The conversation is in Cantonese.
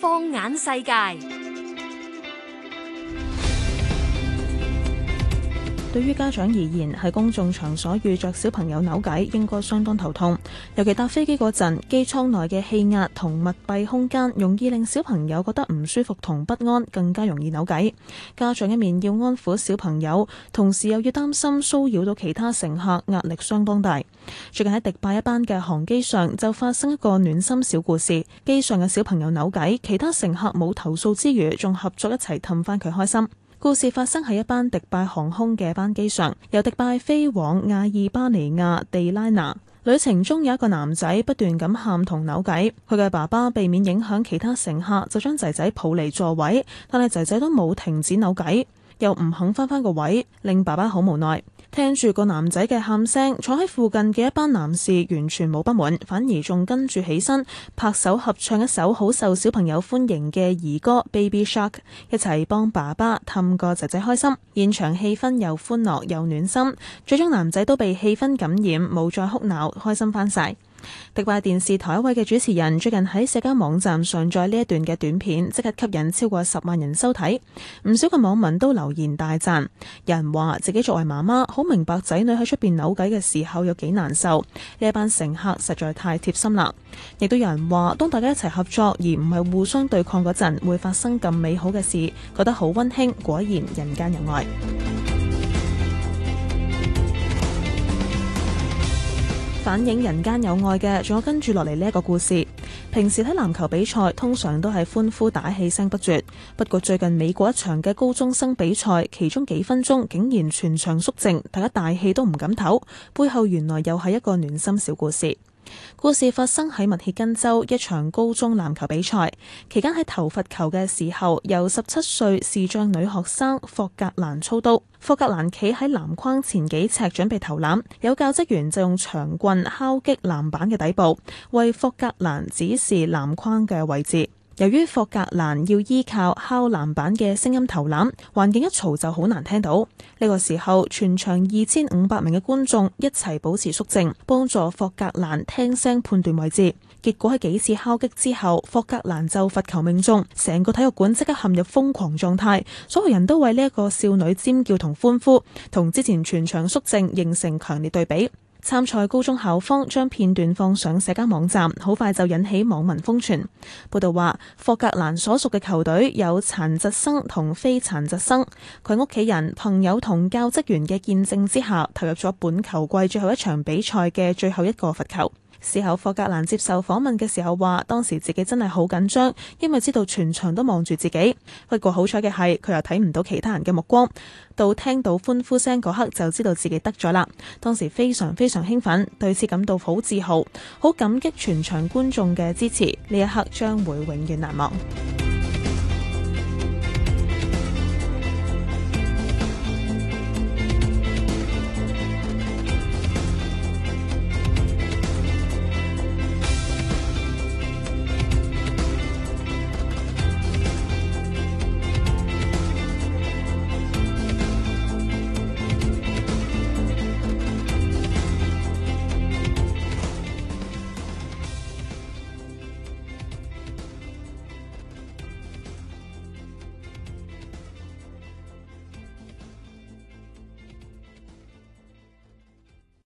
放眼世界。對於家長而言，喺公眾場所遇着小朋友扭計，應該相當頭痛。尤其搭飛機嗰陣，機艙內嘅氣壓同密閉空間，容易令小朋友覺得唔舒服同不安，更加容易扭計。家長一面要安撫小朋友，同時又要擔心騷擾到其他乘客，壓力相當大。最近喺迪拜一班嘅航機上，就發生一個暖心小故事。機上嘅小朋友扭計，其他乘客冇投訴之餘，仲合作一齊氹返佢開心。故事發生喺一班迪拜航空嘅班機上，由迪拜飛往阿爾巴尼亞地拉那。旅程中有一個男仔不斷咁喊同扭計，佢嘅爸爸避免影響其他乘客，就將仔仔抱離座位，但係仔仔都冇停止扭計。又唔肯返返個位，令爸爸好無奈。聽住個男仔嘅喊聲，坐喺附近嘅一班男士完全冇不滿，反而仲跟住起身拍手合唱一首好受小朋友歡迎嘅兒歌《Baby Shark》，一齊幫爸爸氹個仔仔開心。現場氣氛又歡樂又暖心，最終男仔都被氣氛感染，冇再哭鬧，開心翻晒。迪拜電視台一位嘅主持人最近喺社交網站上載呢一段嘅短片，即刻吸引超過十萬人收睇。唔少嘅網民都留言大贊，有人話自己作為媽媽，好明白仔女喺出邊扭計嘅時候有幾難受。呢班乘客實在太貼心啦，亦都有人話當大家一齊合作而唔係互相對抗嗰陣，會發生咁美好嘅事，覺得好溫馨。果然人間有愛。反映人間有愛嘅，仲有跟住落嚟呢一個故事。平時睇籃球比賽，通常都係歡呼打氣聲不絕。不過最近美國一場嘅高中生比賽，其中幾分鐘竟然全場肅靜，大家大氣都唔敢唞。背後原來又係一個暖心小故事。故事發生喺密歇根州一場高中籃球比賽期間，喺投罰球嘅時候，由十七歲視障女學生霍格蘭操刀。霍格蘭企喺籃框前幾尺準備投籃，有教職員就用長棍敲擊籃板嘅底部，為霍格蘭指示籃框嘅位置。由於霍格蘭要依靠敲籃板嘅聲音投籃，環境一嘈就好難聽到。呢個時候，全場二千五百名嘅觀眾一齊保持肅靜，幫助霍格蘭聽聲判斷位置。結果喺幾次敲擊之後，霍格蘭就罰球命中，成個體育館即刻陷入瘋狂狀態，所有人都為呢一個少女尖叫同歡呼，同之前全場肅靜形成強烈對比。參賽高中校方將片段放上社交網站，好快就引起網民瘋傳。報道話，霍格蘭所屬嘅球隊有殘疾生同非殘疾生，佢屋企人、朋友同教職員嘅見證之下，投入咗本球季最後一場比賽嘅最後一個罰球。事後霍格蘭接受訪問嘅時候話，當時自己真係好緊張，因為知道全場都望住自己。不過好彩嘅係，佢又睇唔到其他人嘅目光。到聽到歡呼聲嗰刻，就知道自己得咗啦。當時非常非常興奮，對此感到好自豪，好感激全場觀眾嘅支持。呢一刻將會永遠難忘。